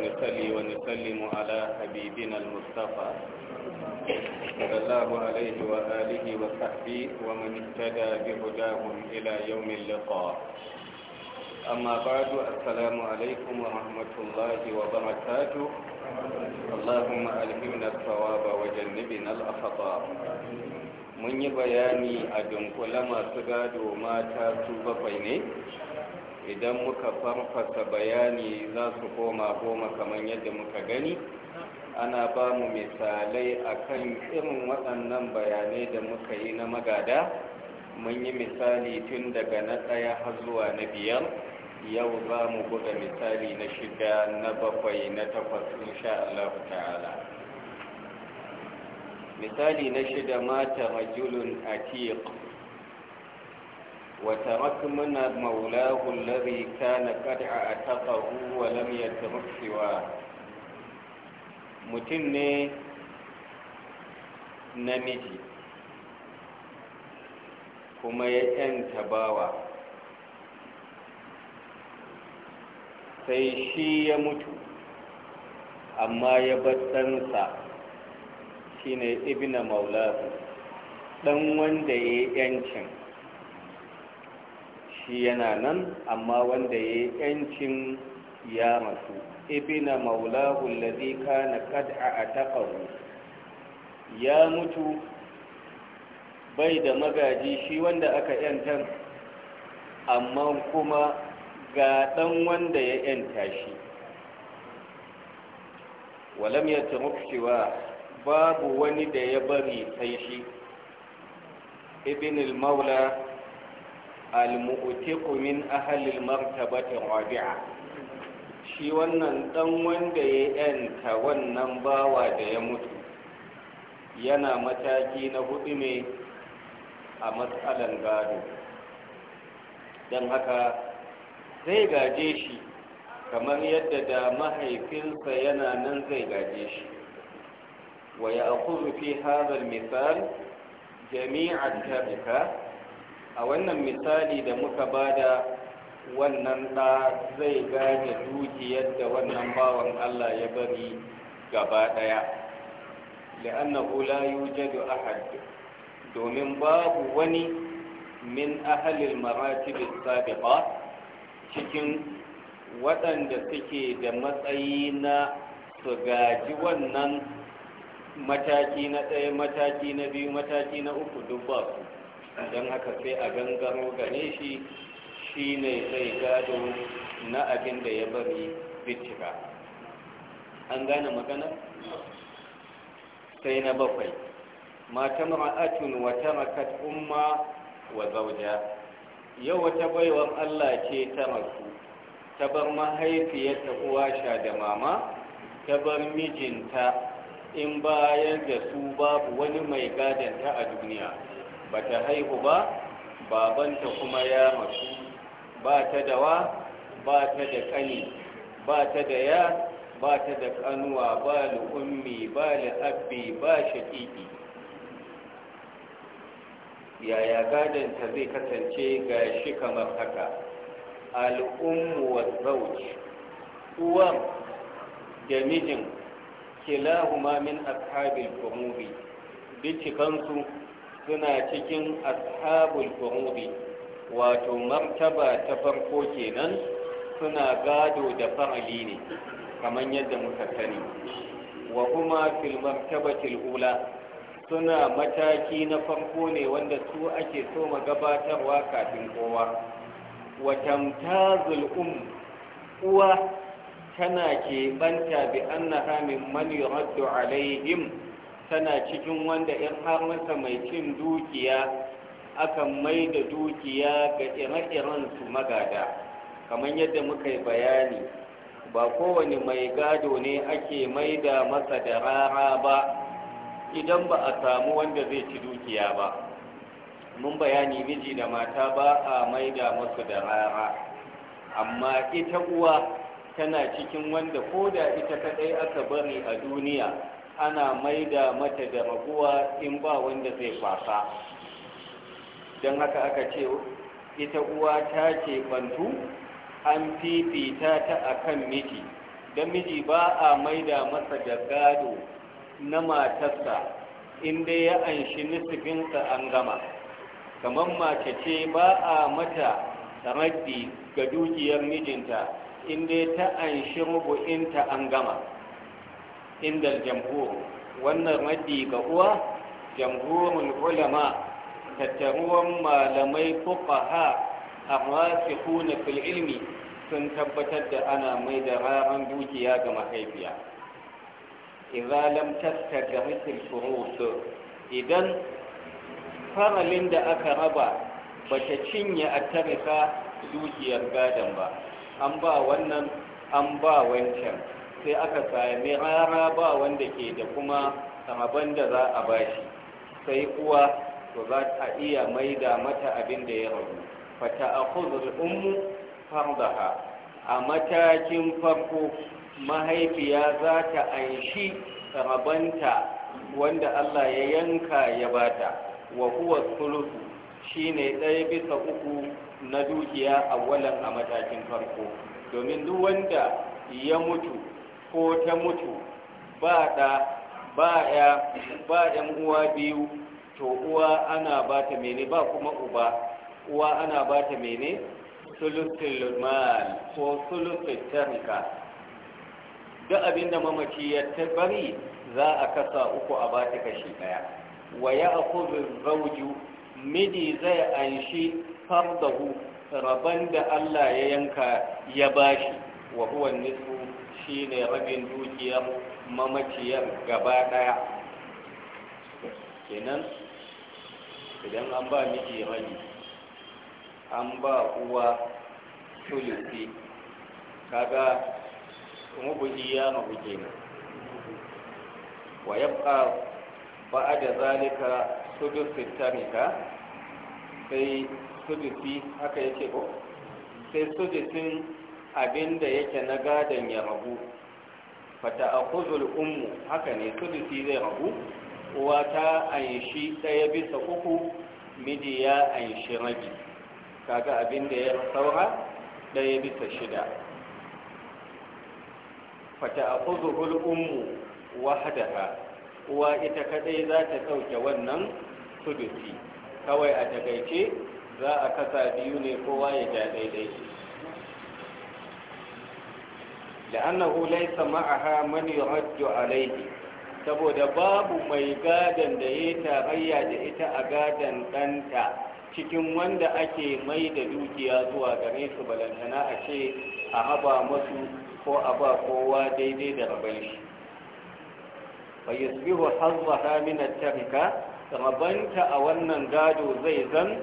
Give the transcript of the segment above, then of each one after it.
ونصلي ونسلم على حبيبنا المصطفى صلى الله عليه وآله وصحبه ومن اهتدى بهداهم إلى يوم اللقاء أما بعد السلام عليكم ورحمة الله وبركاته اللهم ألهمنا الصواب وجنبنا الأخطاء mun yi bayani a dunkule masu gado mata su bakwai ne idan muka farfasa bayani za su koma goma kamar yadda muka gani ana ba mu misalai akan irin waɗannan bayanai da muka yi na magada mun yi misali tun daga na ɗaya har zuwa na biyar yau za mu buga misali na shida na bakwai na takwas insha Allah ta'ala misali na shida mata majulun atiq وتركمنا مولاه الذي كان قد اعتقه ولم يترك سواه mutum ne namiji kuma ya sai shi ya mutu amma ya ne ibina ɗan wanda ya ‘yancin shi yana nan amma wanda ya yi yancin ya masu ibina maulahu lazi na kad'a a taƙaru ya mutu bai da magaji shi wanda aka yanta amma kuma ga ɗan wanda ya yanta shi walam ya cewa babu wani da ya bari sai shi ibn maula al-mu'tiqu min ahli martabati shi wannan dan wanda ya yanta wannan bawa da ya mutu yana mataki na hudu ne a matsalan gado don haka zai gaje shi kamar yadda da mahaifinsa yana nan zai gaje shi wa ya fi hazar misal jami'ar tarika a wannan misali da muka bada wannan ɗa zai gane dukiyar da wannan bawan Allah ya bari gaba ɗaya li'annahu la yujadu ahad domin babu wani min ahalil maratib sabiqa cikin waɗanda suke da matsayi na su gaji wannan mataki na ɗaya mataki na biyu mataki na uku duk ba su don haka sai a gangaro gane shi shi ne zai gado na abin da ya bari bincika an gane magana sai na bakwai mata ma'atun wata makat umma wa zauja yau wata baiwar allah ce ta masu ta bar mahaifiyarta uwa sha da mama ta bar mijinta in bayar da su babu wani mai gadanta a duniya ba ta haihu ba babanta kuma ya masu ba ta dawa ba ta da ƙani ba ta da ya ba ta da ƙanuwa ba ummi ba abbi ba shaƙiƙi yaya gadonta zai kasance ga shi kamar haka al'ummu wa zauci uwan da mijin kilahuma min ashabil kumuri duk cikansu suna cikin ashabul furudi wato martaba ta farko kenan suna gado da fa'ali ne kamar yadda muka sani wa kuma fil martabatil ula suna mataki na farko ne wanda su ake so gabatarwa kafin kowa wa tamtazul um uwa tana keɓanta bi annaha min man yuraddu alaihim tana cikin wanda in har masa mai cin dukiya akan mai da dukiya ga ire-iren su magada kamar yadda muka yi bayani ba kowane mai gado ne ake mai da masa da rara ba idan ba a samu wanda zai ci dukiya ba mun bayani miji da mata ba a mai da masu da rara amma ita uwa tana cikin wanda ko da ita kadai aka bari a duniya ana maida mata da raguwa in ba wanda zai kwasa don haka aka ce ita uwa ta ce bantu an fifita ta akan miji don miji ba a maida masa da gado na matarsa inda ya anshi nisifinsa an gama kamar mace ce ba a mata raddi ga dukiyar mijinta inda ta anshi rubu'inta an gama inda jamhur wannan raddi ga uwa jamhurin ulama tattaruwan malamai fuqaha arrasikuna fil ilmi sun tabbatar da ana mai da raran dukiya ga mahaifiya idza idan faralin da aka raba bata cinye attarika dukiyar gadon ba an ba wannan an ba wancan sai aka sami rara ba wanda ke da kuma sahaban da za a bashi sai kuwa to za ta iya maida mata abin da ya rabu fata a kuzur ummu fardaha a matakin farko mahaifiya za ta anshi rabanta wanda Allah ya yanka ya bata wa huwa sulusu shine ɗaya bisa uku na dukiya a walan a matakin farko domin duk wanda ya mutu ko ta mutu ba ɗa ba ya ba ɗan uwa biyu to uwa ana ba ta mene ba kuma uba uwa ana ba ta mene sulusul mal ko sulusul tarika duk abinda mamaci ya tabari za a kasa uku a ba ta kashi daya wa ya akuzu zauju midi zai anshi fardahu rabon da Allah ya yanka ya bashi wa huwa nisfu shi ne rabin dukiyar mamaciyar gaba ɗaya kenan idan an ba miki rabi an ba uwa tulisi kaga rubuhi ya rabu kenan wa ba'a da zalika sudusi tarika sai sudusi haka yake ko sai abinda yake na gadon ya rabu fata a kuzul umu haka ne sulusi zai rabu uwa ta anshi ɗaya bisa uku midi ya anshi rabi kaga abinda ya saura ɗaya bisa shida fata a kuzul ummu wahadaha uwa ita kadai za ta dauke wannan sulusi kawai a takaice za a kasa biyu ne kowa ya ja daidai la'annahu laysa ma'aha man yuraddu alayhi saboda babu mai gadan da yayi tarayya da ita a gadan danta cikin wanda ake mai da dukiya zuwa gare su balantana a ce a haba masu ko a ba kowa daidai da rabon shi fa yasbihu hazzaha min at-tarika rabanta a wannan gado zai zan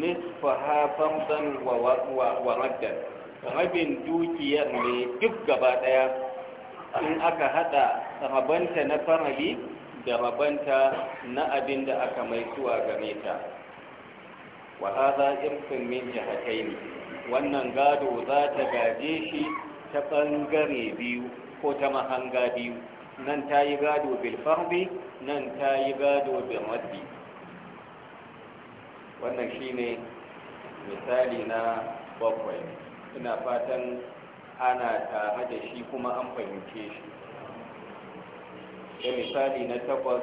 nisfaha famdan wa wa raddan rabin dukiyar ne duk gaba daya in aka hada rabanta na farali da rabanta na abin da aka mai suwa gare ta wa haza irfin min jihataini wannan gado za ta gaje shi ta bangare biyu ko ta mahanga biyu nan ta yi gado bilfarbi nan ta yi gado bilmaddi wannan shine misali na bakwai Suna fatan ana tare da shi kuma an fahimce shi da misali na takwas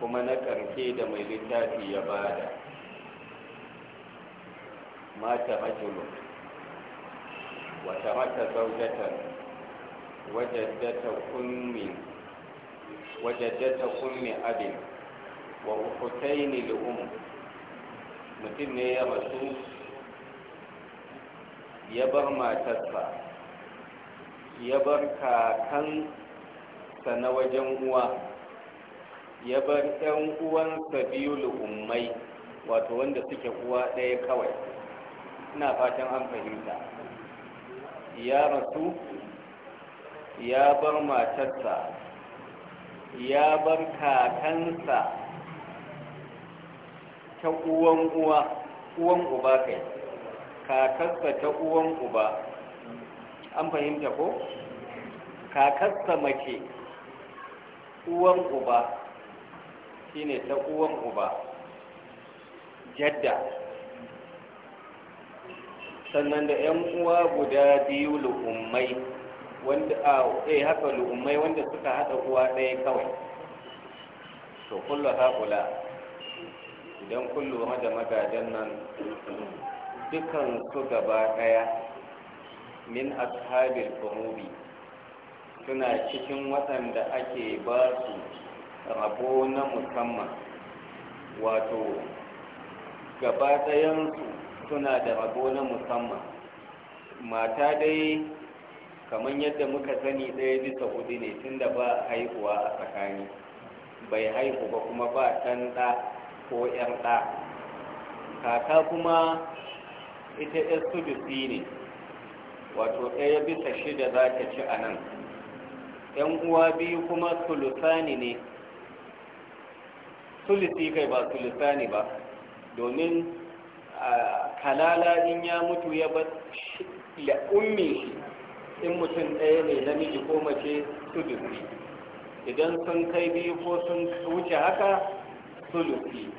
kuma na karfe da mai littafi ya bada mata hajjulu wata mata zaujatar wajaddata kunmi abin wa hukutai ne da mutum ne ya masu ya bar matarsa ya bar kakansa na wajen uwa ya bar 'yan uwansa biyu lu'ummai wato wanda suke uwa ɗaya kawai ina fatan an fahimta ya rasu ya bar matarsa ya bar kakansa ta uwan uwa uwan uba kai kakasta ta uwan uba an fahimta ko kakasta mace uwan uba shine ta uwan uba jadda sannan da 'yan uwa guda biyu lu'ummai wanda a eh haka lu'ummai wanda suka haɗa uwa ɗaya kawai to kullu haƙula idan kullu da magadan nan dukan su gaba ɗaya min ashabil kumubi suna cikin waɗanda ake ba su rabo na musamman wato gaba suna da rabo na musamman mata dai kamar yadda muka sani ɗaya bisa hudu ne tunda ba haihuwa a tsakani bai haihu ba kuma ba ɗan ɗa ko ‘yan ɗa kaka kuma ita yar sudusi ne wato ɗaya bisa shida za ta ci a nan ‘yan uwa biyu kuma sulusani ne sulusi kai ba sulusani ba domin kalala in ya mutu ya ba ummi shi in mutum ɗaya ne namiji ko mace sulusi idan sun kai biyu ko sun wuce haka sulusi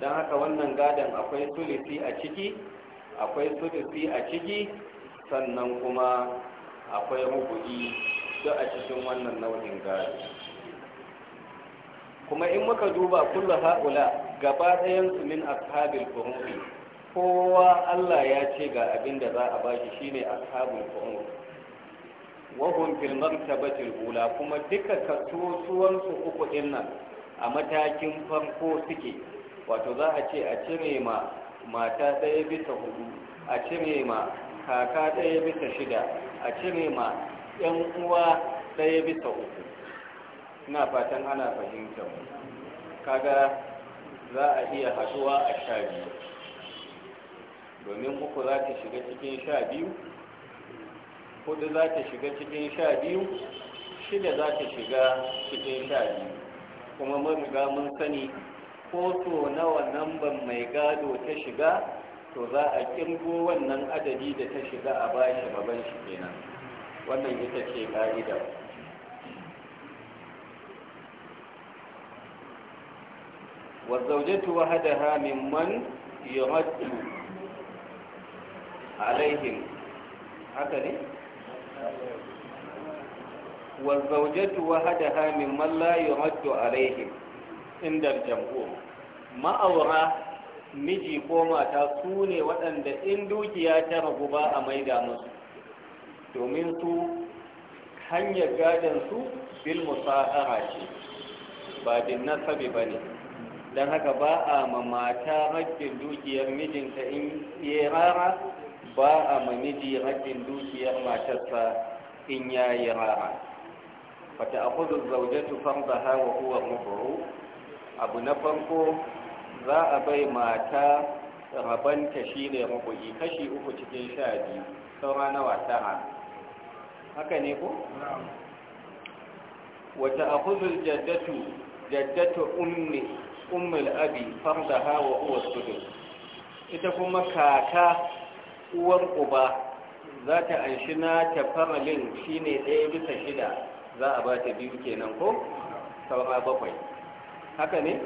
don haka wannan gadon akwai sulusi a ciki akwai sulusi a ciki sannan kuma akwai rubu'i duk a cikin wannan nau'in gari kuma in muka duba kullu haula gaba ɗayan su min ashabul furu'i kowa Allah ya ce ga abin da za a bashi shine ashabul furu'i wa hum fil martabati ula kuma duka kasuwan su uku din nan a matakin farko suke wato za a ce a cire ma mata ɗaya bisa hudu a cire ma kaka ɗaya bisa shida a cire ma 'yan uwa ɗaya bisa uku ina fatan ana fahimta kaga za a iya haɗuwa a sha biyu domin uku za ta shiga cikin sha biyu hudu za ta shiga cikin sha biyu shida za ta shiga cikin sha biyu kuma mun riga mun sani foto nawa namban mai gado ta shiga to za a kirgo wannan adadi da ta shiga a bayan baban shi kenan wannan ita ce ka'ida wa hada hamin man yi alaihim haka ne? wa hada hamin man layi hatu alaihim indar jamhur ma'aura miji ko mata su ne waɗanda in dukiya ta ragu ba a maida musu domin su hanyar gadon su bil musahara ce ba din nasabi ba ne don haka ba a ma mata rabbin dukiyar mijinta in ya rara ba a ma miji rabbin dukiyar matarsa in ya yi rara fata a kudu zaujatu farzaha wa kuwa mafuru abu na farko za a bai mata rabanta shi ne rubu'i kashi uku cikin sha biyu saura na tara haka ne ko? wata a jaddatu jaddatu umni umul abi fardaha hawa uwa sudur ita kuma kaka uwar uba za ta anshi na faralin shi ne ɗaya bisa shida za a ba ta biyu kenan ko? saura bakwai haka ne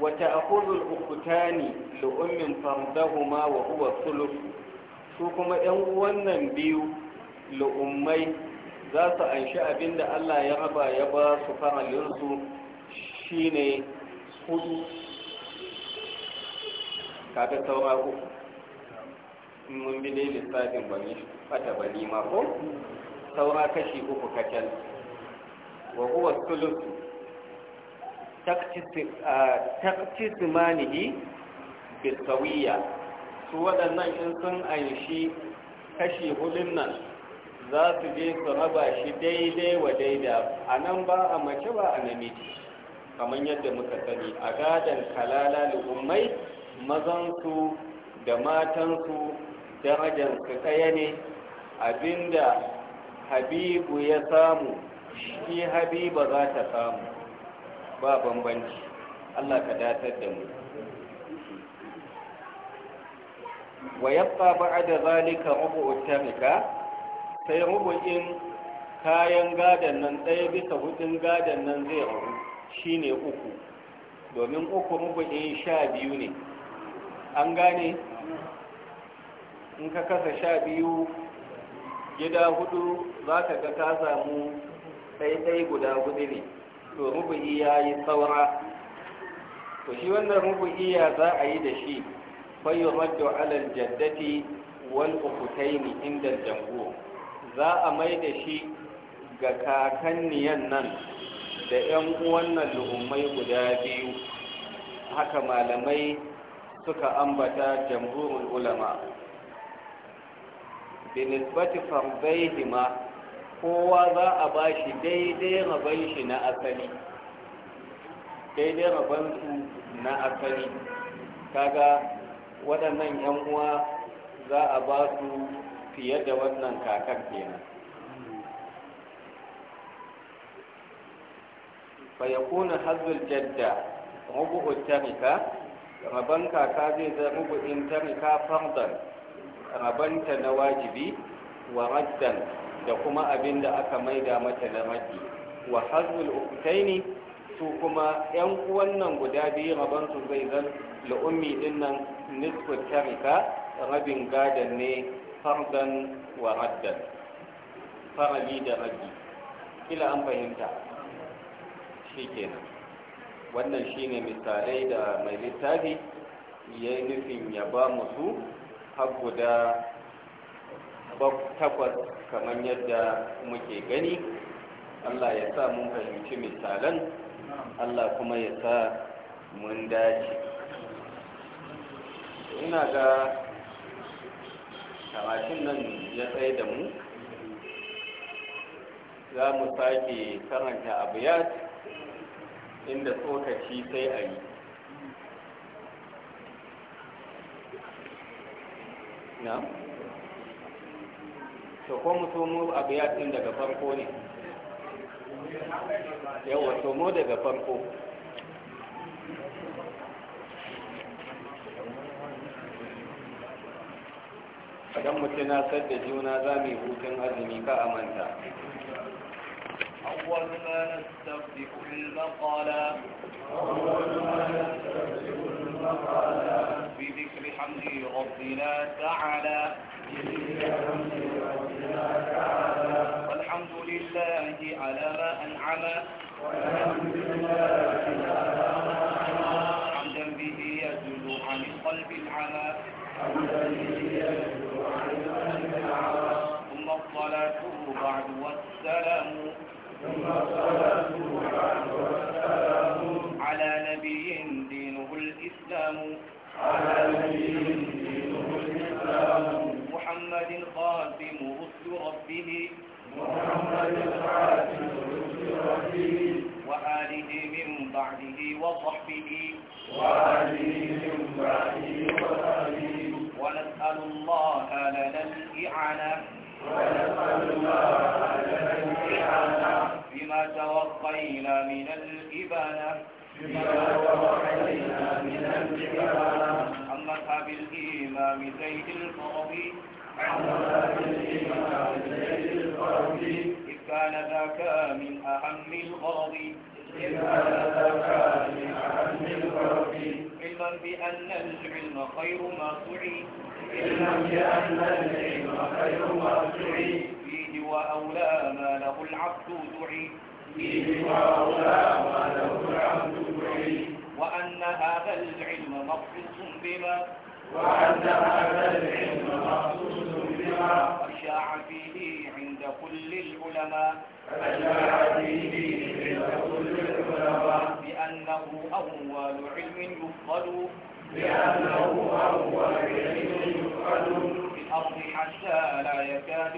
wata akuzul ukutani lu'ummin fardahuma wa huwa sulus su kuma yan wannan biyu lu'ummai za su anshi abinda Allah ya raba ya ba su shi ne hudu kaga saura uku mun bi dai lissafin bani fata bani ma ko saura kashi uku kacal wa huwa sulusu taktisimanihi ah, bilkawiya su waɗannan in sun anshi kashi hulun nan za su je su raba shi daidai wa daida a nan ba a mace ba a namiji kamar yadda muka sani a gadon kalala mazan mazansu da matansu darajansu ɗaya ne abinda habibu ya samu shi habiba za ta samu ba bambanci Allah ka datar da mu wa yabqa ba'da zalika rubu'u tarika sai rubu'in kayan gadan nan ɗaya bisa hudin gadan nan zai rabu shine uku domin uku rubu'in sha biyu ne an gane in ka kasa sha biyu gida hudu za ka ga ka samu sai ɗaiɗai guda gudu ne to rubu'i ya yi saura to shi wannan rubu'i ya za a yi da shi fayyar raddu alal jaddati wal ukutaini inda jango za a mai da shi ga kakanniyan nan da 'yan uwannan lu'ummai guda biyu haka malamai suka ambata jamhurin ulama nisbati farzaihima kowa za a ba shi daidai rabon shi na asali daidai rabon su na asali kaga waɗannan yan uwa za a ba su fiye da wannan kakar kenan fa yakuna hazzul jadda rubu tarika rabon kaka zai zama rubu'in tarika fardan rabanta na wajibi wa raddan da kuma abin da aka maida mata na maki wa hazul uktaini su kuma yan wannan guda biyu rabon zai zan la'ummi din nan nisfu tarika rabin gadan ne fardan wa raddan farali da rabi kila an fahimta shikenan wannan shine misalai da mai littafi ya nufin ya ba mu su har guda takwas kamar yadda muke gani allah ya sa mun fahimci misalan allah kuma ya sa mun dace ina ga kamashin nan ya tsaye da mu za mu sake karanta abu ya inda tsokaci sai a yi na? to ko mu somo abu ya tun daga farko ne yawa tomo daga farko idan mu tunasar da juna za mu yi hutun azumi ka amanta أول ما نستفتح المقالة أول ما نستفتح المقالة بذكر حمد ربنا تعالى بذكر حمد ربنا والحمد لله على ما أنعم حمدا به يزول عن القلب العمى ثم الصلاة بعد والسلام ثم الصلاة وآله من بعده وصحبه وآله من بعده وآله ونسأل الله لنا الإعانة ونسأل الله لنا الإعانة بما توقينا من الإبانة بما توقينا من الإبانة عن مذهب الإمام زيد القاضي عن مذهب كان ذاك من أهم الغرض إن من أهم علما بأن العلم خير ما سعي علما بأن العلم خير ما فيه وأولى ما له العبد دعي فيه وأولى ما له العبد وأن هذا العلم مخصوص بما وأن هذا العلم مخصوص بما وشاع فيه كل العلماء بأنه أول علم يفضل بأنه أول علم يفضل في الأرض حتى لا يكاد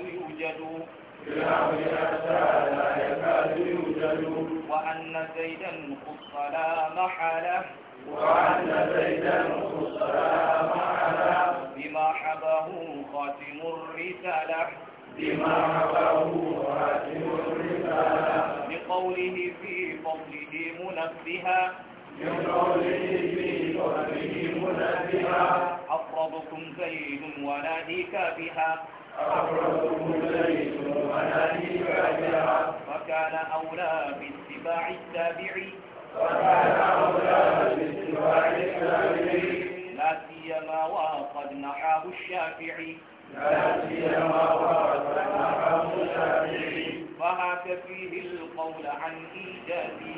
يوجد وأن زيدا خص لا محالة وأن زيدا خص لا محالة بما حباه خاتم الرسالة بما رواه مراتب الرسالة لقوله في فضله منبها من قوله في فضله منبها أقربكم زيد وناديك بها أقربكم زيد وناديك بها وكان أولى باتباع التابعي وكان أولى باتباع التابعي لا سيما وقد نحاه الشافعي فهك فيه القول عن إيجابي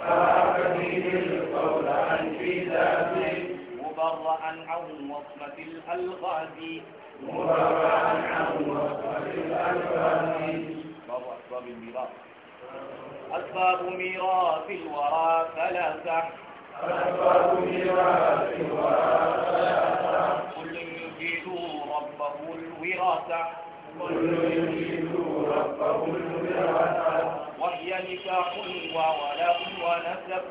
فهك فيه القول عن إيجابي مبرأ عن وصمة الألغاز مبرأ عن وصمة الألغاز أسباب الميراث أسباب ميراث الورى ثلاثة أسباب ميراث الورى ثلاثة ربه الوراثة وهي نكاح وولاء ونسب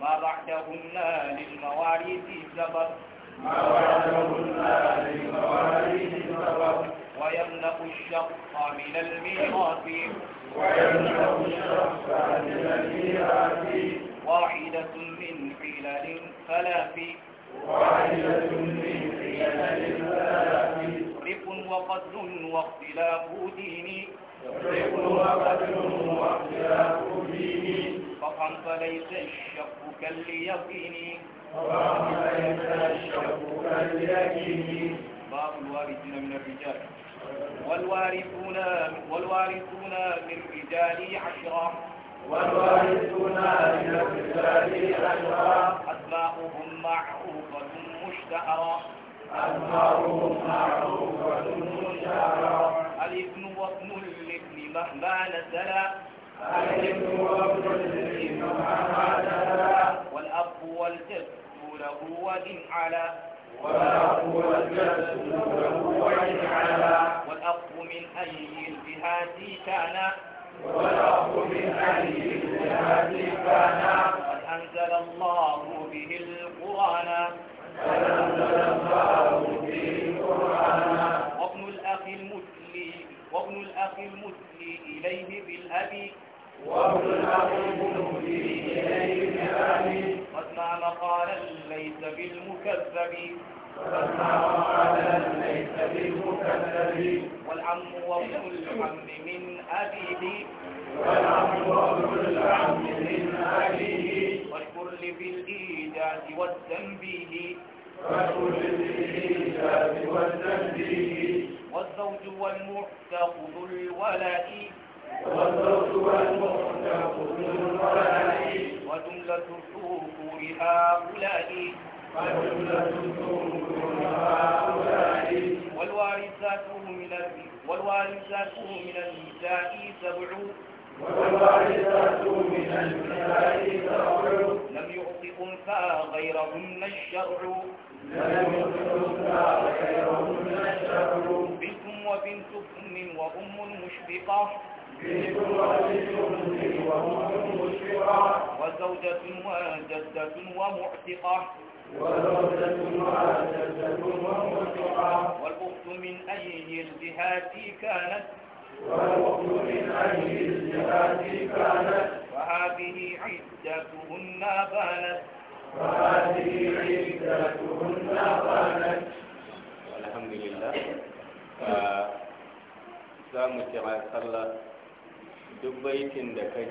ما بعدهن للمواريث سبب ما بعدهن للمواريث سبب ويمنع الشق من الميراث ويمنع الشخص من الميراث واحدة من حلل ثلاث وعيلة من حيل الفاكي رق وقتل واختلاف ديني رق وقتل واختلاف ديني فقم فليس الشك كاليقين فقم فليس الشك كاليقين باب الوارثين من الرجال والوارثون والوارثون من رجال عشره والوارثون من الرجال أجرا أسماؤهم معروفة مشتهرة أسماؤهم معروفة مشتهرة الابن وابن الابن مهما نزلا الابن وابن الابن مهما نزلا والأب والجد له ود على والأب والجد له ود على والأب من أي الجهات كان والأرض من أهل الجهاد الله به بالمكذبين والعم وابن العم من أبيه والعم وابن العم من أبيه والكل في الإيجاز والتنبيه والكل في الإيجاز والتنبيه والزوج ذو الولاء والزوج ذو الولاء وجملة الشكور هؤلاء والوارثات هم من النساء سبع والوارثات من النساء سبع لم يعط أنثى غيرهن الشرع لم يعط أنثى غيرهن الشرع بنت وبنت أم وأم مشفقة بنت وبنت أم وأم مشفقة وزوجة وجدة ومعتقة والبغض من أي الجهات كانت والبغض من أي الجهات كانت وهذه عدتهن بانت وهذه عدتهن بانت الحمد لله za mu kira sallah duk baitin da ka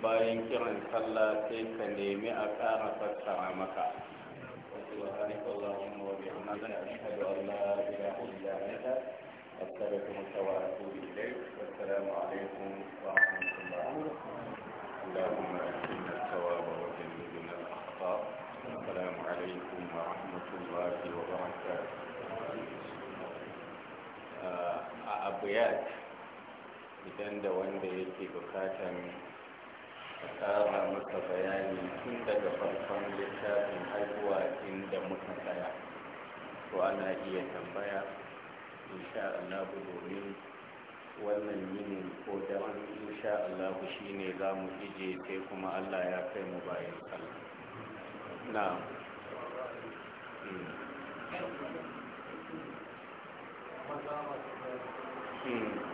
bayan kiran sallah sai ka nemi a ƙara fassara maka سبحانك اللهم وبحمدك أشهد أن لا إله إلا أنت أستغفرك وأتوب إليك والسلام عليكم ورحمة الله اللهم أكرمنا الثواب وجنبنا الأخطاء السلام عليكم ورحمة الله وبركاته a abiyat idan da wanda yake bukatan tsara maka bayani tun daga farkon littafin haihuwa inda muka tsaya to ana iya tambaya insha Allah domin wannan yin ko daren insha Allah shi ne za mu ije sai kuma Allah ya kai mu bayan sallah na Hmm. hmm.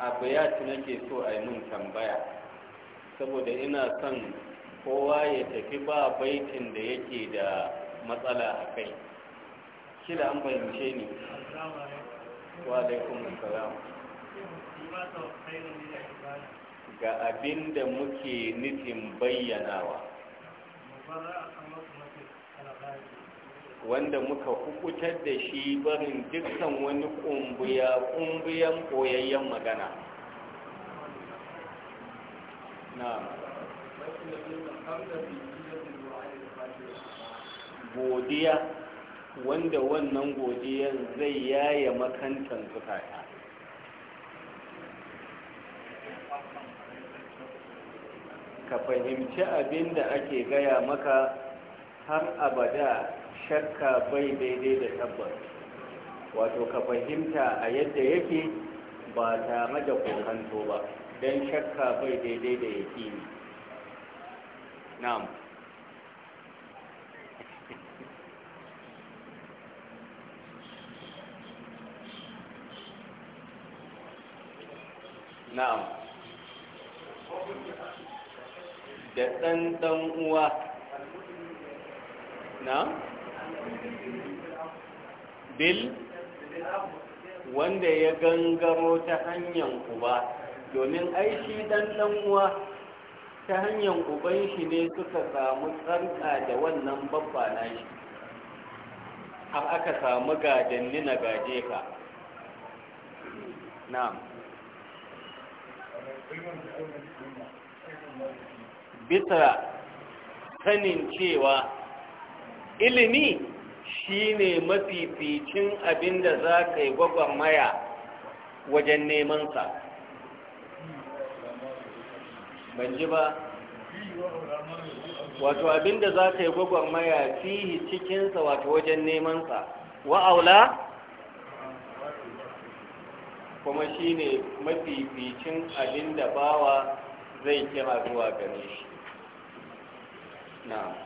abiyat nake so a yi mun tambaya saboda ina son kowa ya tafi ba baitin da yake da matsala a kai shi da an bayyance ni wa alaikun salam ga abin da muke nufin bayyanawa wanda muka hukutar da shi barin dukkan wani ƙumbiya-ƙumbiyan koyayyen magana na godiya wanda wannan godiyar zai yaya makantan zukata ka fahimci abin da ake gaya maka har abada shakka bai daidai da tabbas wato ka fahimta a yadda yake ba tare da kokanto ba don shakka bai daidai da yake ne, na'am da ɗan ɗan uwa na'am bil wanda ya gangaro ta hanyar uba domin aishi dan dan ta hanyar uban shi ne suka samu tsarka da wannan babba na shi har aka samu gajenni na gaje ka na'am bisa sanin cewa ilimi Shi ne mafificin abin da za ka yi gwagwarmaya wajen nemansa ban ji ba wato abin da za ka yi gwagwarmaya fihi cikinsa wato wajen nemansa wa'aula kuma shi ne mafificin abin da bawa zai kira zuwa gare shi na'am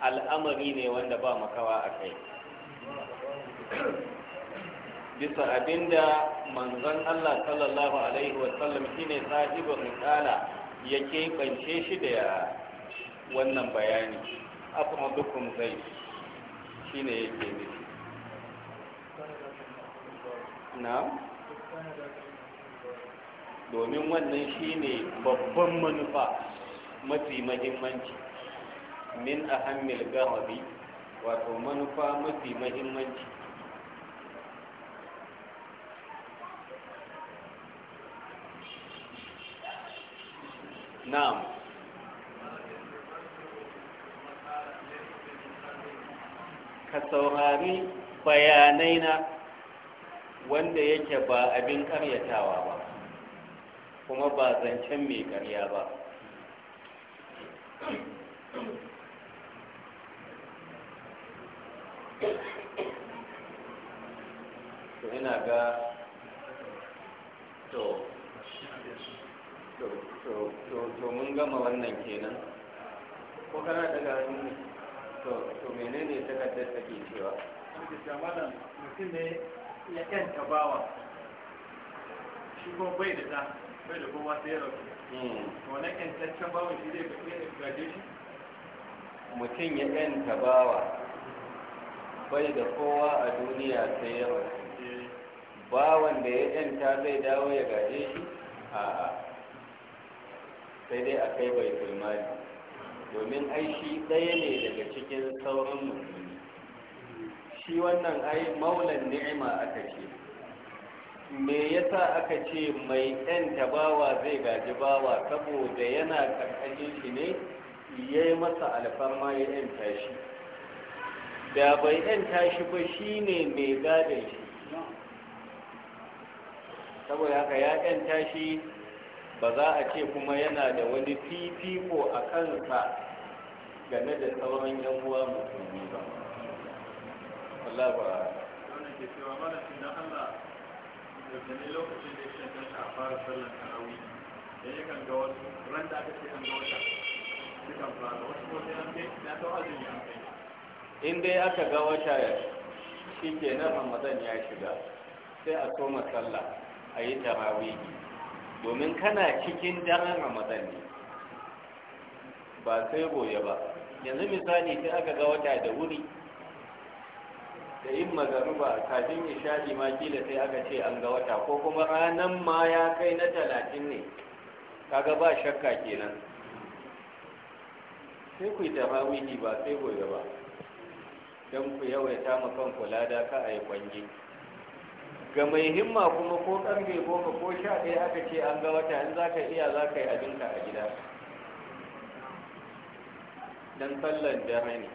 al'amari ne wanda ba makawa a kai bisa abinda manzon Allah sallallahu alaihi wasallam shine sahibul misala ya keɓance shi da wannan bayani dukum zai shine yake ne na domin wannan shine babban manufa mafi mahimmanci min hamil gawabi wato manufa mafi mahimmanci na'am ka saurari bayanai na wanda yake ba abin karyatawa ba kuma ba zancen mai karya ba to ina ga to to mun gama wannan kenan ko kana daga hannu ne to to menene takardar take cewa malam mutum ne ya yanta bawa shi kuma bai da ta bai da kowa sai ya rasu hmm. to na yantaccen bawan shi zai gaje shi mutum ya yanta bawa bai da kowa a duniya sai ya ba wanda ya yanta zai dawo ya gaje shi a'a sai dai a kai bai tulmali domin ai ɗaya ne daga cikin sauran musulmi shi wannan ai maulan ni'ima aka ce me yasa aka ce mai yanta bawa zai gaji bawa saboda yana karkashin shi ne ya masa alfarma ya yanta shi da bai yanta shi ba shi ne mai gadon shi saboda haka ya yanta shi ba za a ce kuma yana da wani fifiko a kansa game da sauran yan uwa musulmi ba Allah ba wannan ke cewa ba da Allah da ne lokacin da ya shanta shi a fara sallar tarawih da ya kan ga wasu ran da aka ce an ga wata sukan fara wasu ko sai an kai na tsawo azumi an kai in dai aka ga wata shi ke nan ramadan ya shiga sai a soma sallah a yi tarawihi domin kana cikin daren ramadan ne ba sai goye ba yanzu misali sai aka ga wata da wuri da yin magaruba kafin sha ma kila sai aka ce an ga wata ko kuma ranar ma ya kai na talatin ne kaga ba shakka kenan sai ku yi tarawihi ba sai goye ba don ku yawaita ma kanku lada ka a yi kwangi ga mai himma kuma ko karfe goma ko sha ɗaya aka ce an ga wata in za ka iya za ka yi abinka a gida don sallar dare ne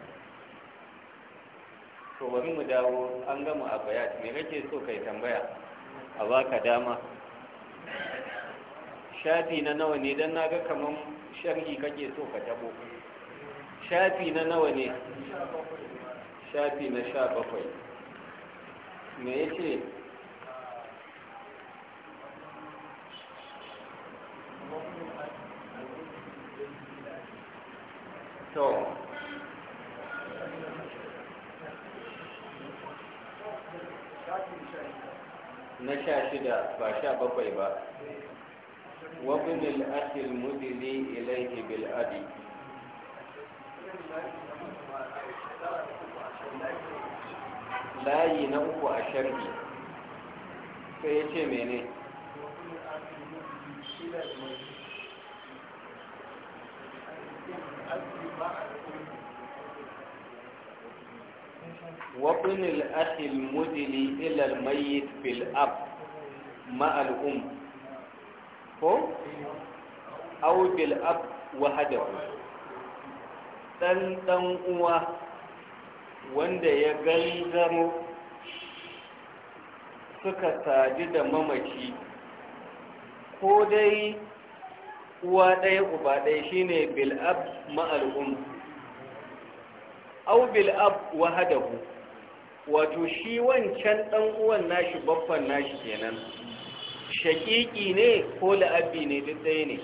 to bari mu dawo an gama a bayat me kake so kai tambaya a ba ka dama shafi na nawa ne don naga kamar sharhi kake so ka tabo shafi na nawa ne shafi na sha bakwai me ya ce na sha shida ba sha bakwai ba وابن الأخ المدلي إليه بالأبي layi na uku a sharhi sai ya ce mene وابن الأخ المدلي الميت ko au bil ab wa hadahu uwa wanda ya ganzamo suka sadu da mamaci ko dai uwa ɗaya uba ɗaya shine bil'ab ma'al'um au bil'ab wahadahu wato shi wancan ɗan uwan nashi babban nashi kenan shaƙiƙi ne ko la'abi ne duk ɗaya ne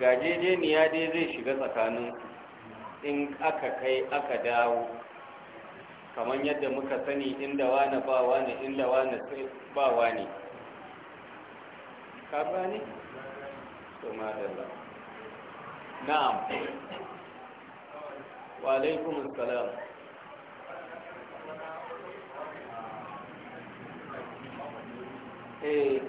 gajejeniya dai zai shiga tsakaninsu in aka kai aka dawo kamar yadda muka sani inda wane ba wane inda wane ba wane ka gane? to madalla na'am wa alaikum assalam eh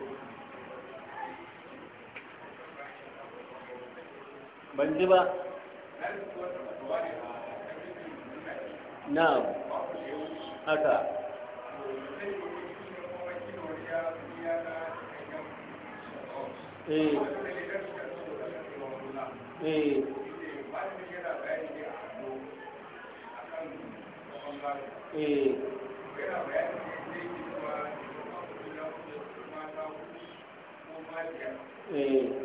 ban ji ba na'am haka eh eh eh, eh.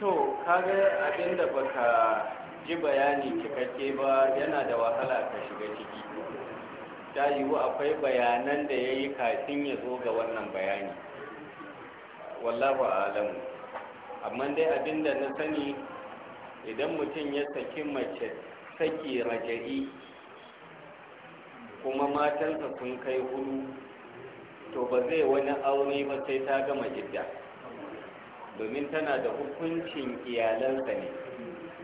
to kaga da baka ji bayani cikakke ba yana da wahala ka shiga ciki ta yiwu akwai bayanan da ya yi kafin ya zo ga wannan bayani wallahu alamu amma dai abinda na sani idan mutum ya saki mace saki raja'i kuma matansa sun kai hudu to ba zai wani aure ba sai ta gama jidda domin tana da hukuncin iyalansa ne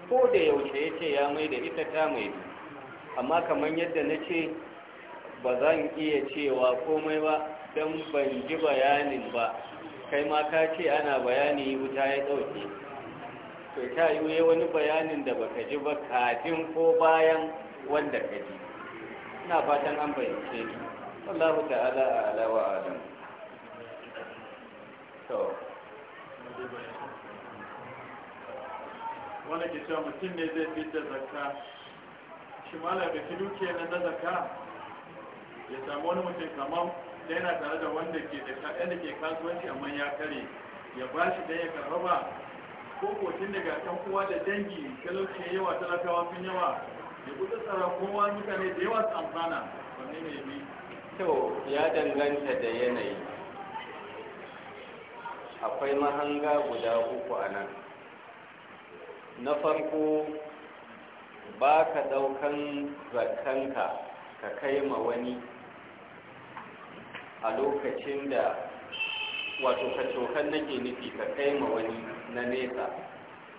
ko da yaushe ya ce ya mai da ita ta mai amma kamar yadda na ce ba zan iya cewa komai ba don ban ji bayanin ba kai ma ka ce ana bayani wuta ya ɗauke to ta yi wani bayanin da baka ji ba kafin ko bayan wanda ka ji ina fatan an bayyance ni Allah ta'ala a alawa adam wanda ke cewa mutum ne zai fi da zakka shi mala ga fi dukiya na zakka ya samu wani mutum kamar da yana tare da wanda ke da kaɗan da ke kasuwanci amma ya kare ya ba shi ɗaya karɓa ba ko kotun daga kan kowa da dangi talauci yawa talakawa sun yawa ya kusa tsara kowa mutane da yawa su amfana wanne ne bi to ya danganta da yanayi akwai mahanga guda uku a nan na farko ba ka ɗaukan zakanka ka kai ma wani a lokacin da wato kacokan nake nufi ka kai ma wani na nesa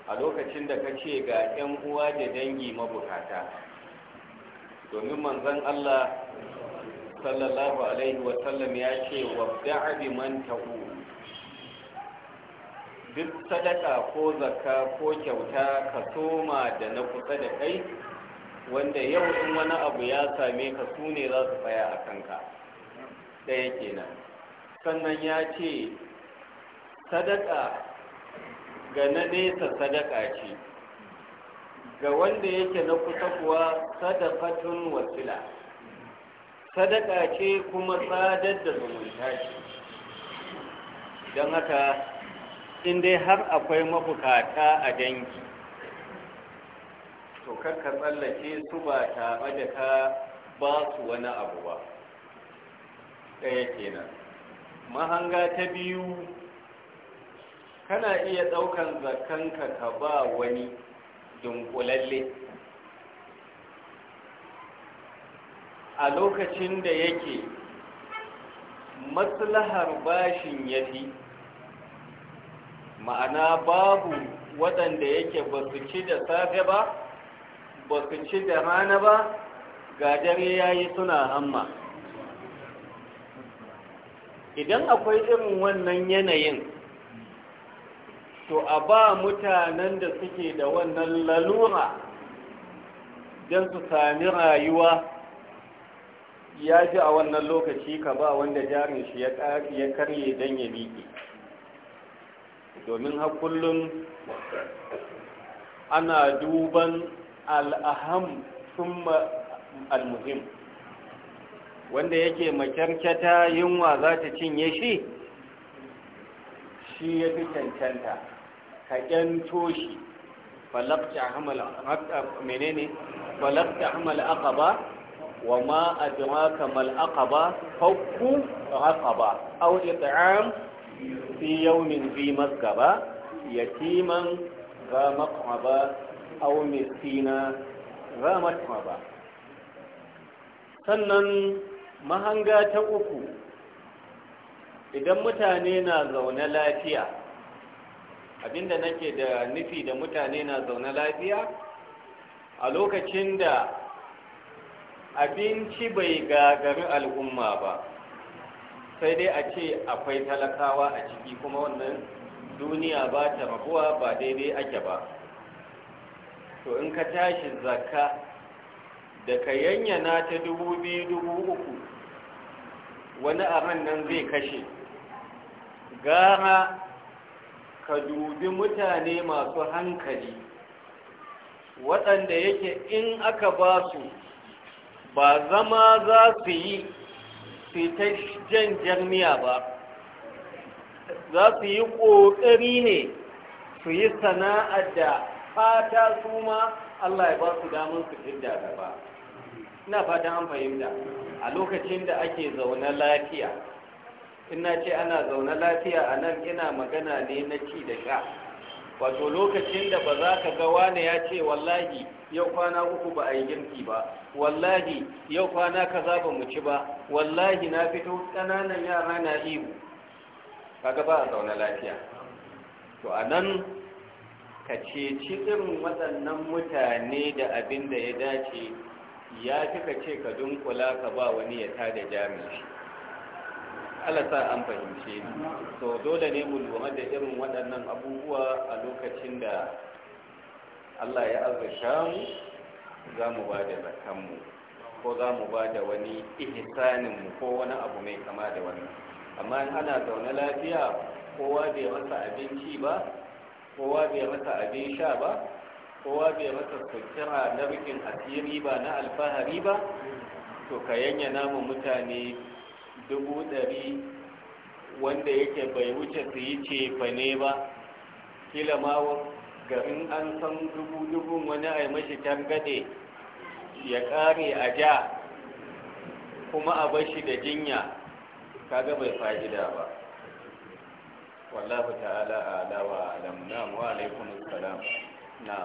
a lokacin da ka ce ga 'yan uwa da dangi mabukata domin manzon Allah sallallahu alaihi wasallam ya ce wa da'abi man ta'u duk sadaka ko zakka ko kyauta ka soma da na kusa da kai wanda yau in wani abu ya same ka su ne za su tsaya a kanka ɗaya kenan sannan ya ce sadaka ga na nesa sadaka ce ga wanda yake na kusa kuwa sadakatun wasila sadaka ce kuma tsadar da zumunta ce don haka in dai har akwai mabukata a dangi to ka tsallake su ba tare da ka ba su wani abu ba ɗaya kenan mahanga ta biyu kana iya ɗaukan zakanka ka ba wani dunkulalle a lokacin da yake maslahar bashin ya fi ma'ana babu waɗanda yake ba su ci da safe ba ba su ci da rana ba ga dare ya yi suna hamma idan akwai irin wannan yanayin to a ba mutanen da suke da wannan lalura don su sami rayuwa ya ji a wannan lokaci ka ba wanda jarin shi ya karye don ya miƙe domin har kullum ana duban al'aham summa al-muhim wanda yake makyarkyata yunwa za ta cinye shi shi ya fi cancanta ka ƙyanto shi falakta hamal aqaba wa ma adraka mal aqaba fakku aqaba aw it'am fi yaumin fi maskaba yatiman za ba au miskina za ba. sannan mahanga ta uku idan mutane na zaune lafiya abinda nake da nufi da mutane na zaune lafiya a lokacin da abinci bai gagari al'umma ba sai dai a ce akwai talakawa a ciki kuma wannan duniya ba ta rabuwa ba daidai ake ba to in ka tashi zakka da ka yanyana ta dubu biyu dubu uku wani abin nan zai kashe gara ka dubi mutane masu hankali waɗanda yake in aka ba su ba zama za su yi su ta jan miya ba za su yi ƙoƙari ne su yi sana'a da fata su ma Allah ya ba su damar su fidda gaba ina fatan an fahimta a lokacin da ake zaune lafiya ina ce ana zaune lafiya a nan ina magana ne na ci da sha wato lokacin da ba za ka ga wane ya ce wallahi yau kwana uku ba a yi girki ba wallahi yau kwana kaza ba mu ci ba wallahi na fito ƙananan yara na ihu kaga ba a zaune lafiya to a nan ka ce irin waɗannan mutane da abin da ya dace ya fi ka ce ka dunkula ka ba wani ya tada jami'i Allah sa an fahimce ni so dole ne mu lura da irin waɗannan abubuwa a lokacin da Allah ya azurta mu za mu ba da zakanmu ko za mu ba da wani ihsaninmu ko wani abu mai kama da wannan amma in ana zaune lafiya kowa bai masa abinci ba kowa bai masa abin sha ba kowa bai masa sutura na rikin asiri ba na alfahari ba to ka yanya namu mutane dubu ɗari wanda yake bai wuce su yi cefa ne ba kila ma garin an san dubu dubu wani a mashi tangade ya ƙare a ja kuma a bashi da jinya kaga bai fa'ida ba wallahu ta'ala a alawa, alam Na wa alaikum assalam na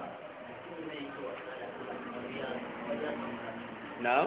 na?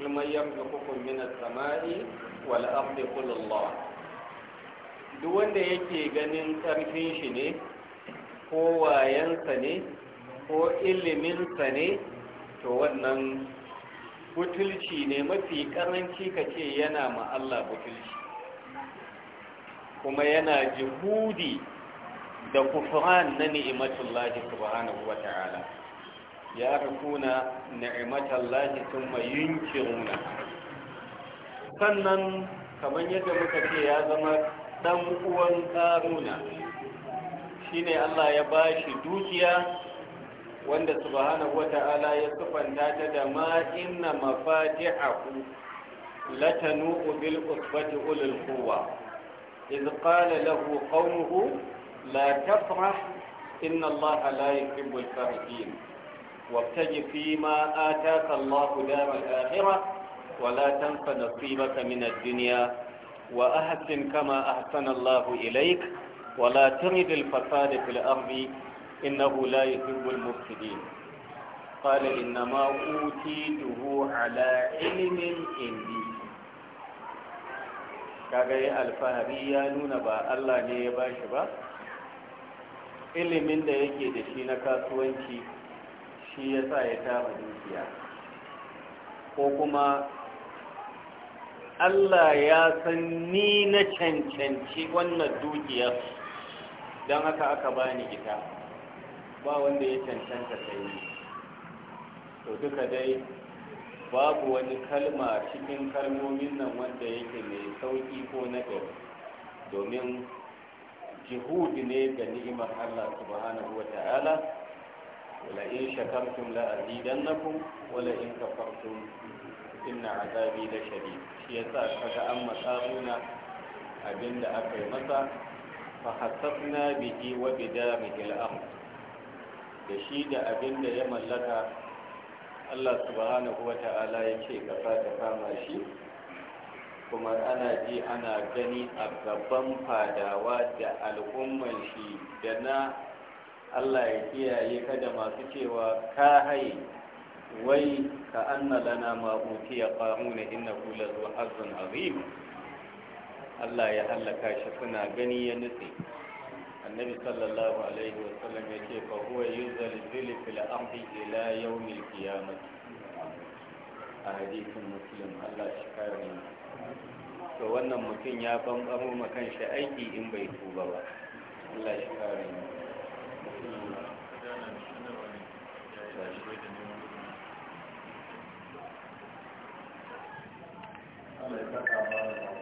قل من يرزقكم من السماء قل الله duk wanda yake ganin ƙarfin shi ne ko wayansa ne ko iliminsa ne to wannan butulci ne mafi ƙaranci ka ce yana ma Allah butulci kuma yana jihudi da kufran na ni'imatullahi subhanahu wa ta'ala ya rikuna ni'imatan lahi sun mayinkiruna sannan kamar yadda muka ce ya zama ɗan uwan ƙaruna shine Allah ya ba shi dukiya wanda subhanahu wata'ala ya sufanta ta da ma inna mafatihahu latanu bil usbati ulul quwwa إذ قال له la tafra, inna إن الله لا يحب وابتج فيما آتاك الله دار الآخرة ولا تنف نصيبك من الدنيا وأحسن كما أحسن الله إليك ولا ترد الفساد في الأرض إنه لا يحب المفسدين قال إنما أوتيته على علم عندي kagai alfahari ya nuna ba Allah ne ya bashi ba ilimin da yake da shi na kasuwanci shi ya sa ya kama dukiya ko kuma Allah ya san ni na cancanci wannan dukiya don haka aka bani ita ba wanda ya cancanta sai ni to duka dai babu wani kalma cikin kalmomin nan wanda yake mai sauki ko naɗari domin jihudi ne ga ni'imar Allah subhanahu wa ta'ala ولئن شكرتم لأزيدنكم ولئن كفرتم إن عذابي لشديد شيسا كذا أما تابونا أبن أكي مسا فخسفنا به وبدامه الأرض يشيد أبن يملك الله سبحانه وتعالى يشي كفا كفا ماشي kuma ana ji ana gani a gaban fadawa da al'umman shi da na Allah ya kiyaye kada masu cewa ka haye wai ka anna lana ma utiya qaruna kula zuwa hazzun azim Allah ya halaka shi suna gani ya nutse annabi sallallahu alaihi wa sallam ya ce fa huwa yuzalzilu fil ardi ila yawmil qiyamah a hadisin muslim Allah shi kare mu to wannan mutum ya bambamo makan shi aiki in bai tuba ba Allah shi kare ni. Allah ya saka ba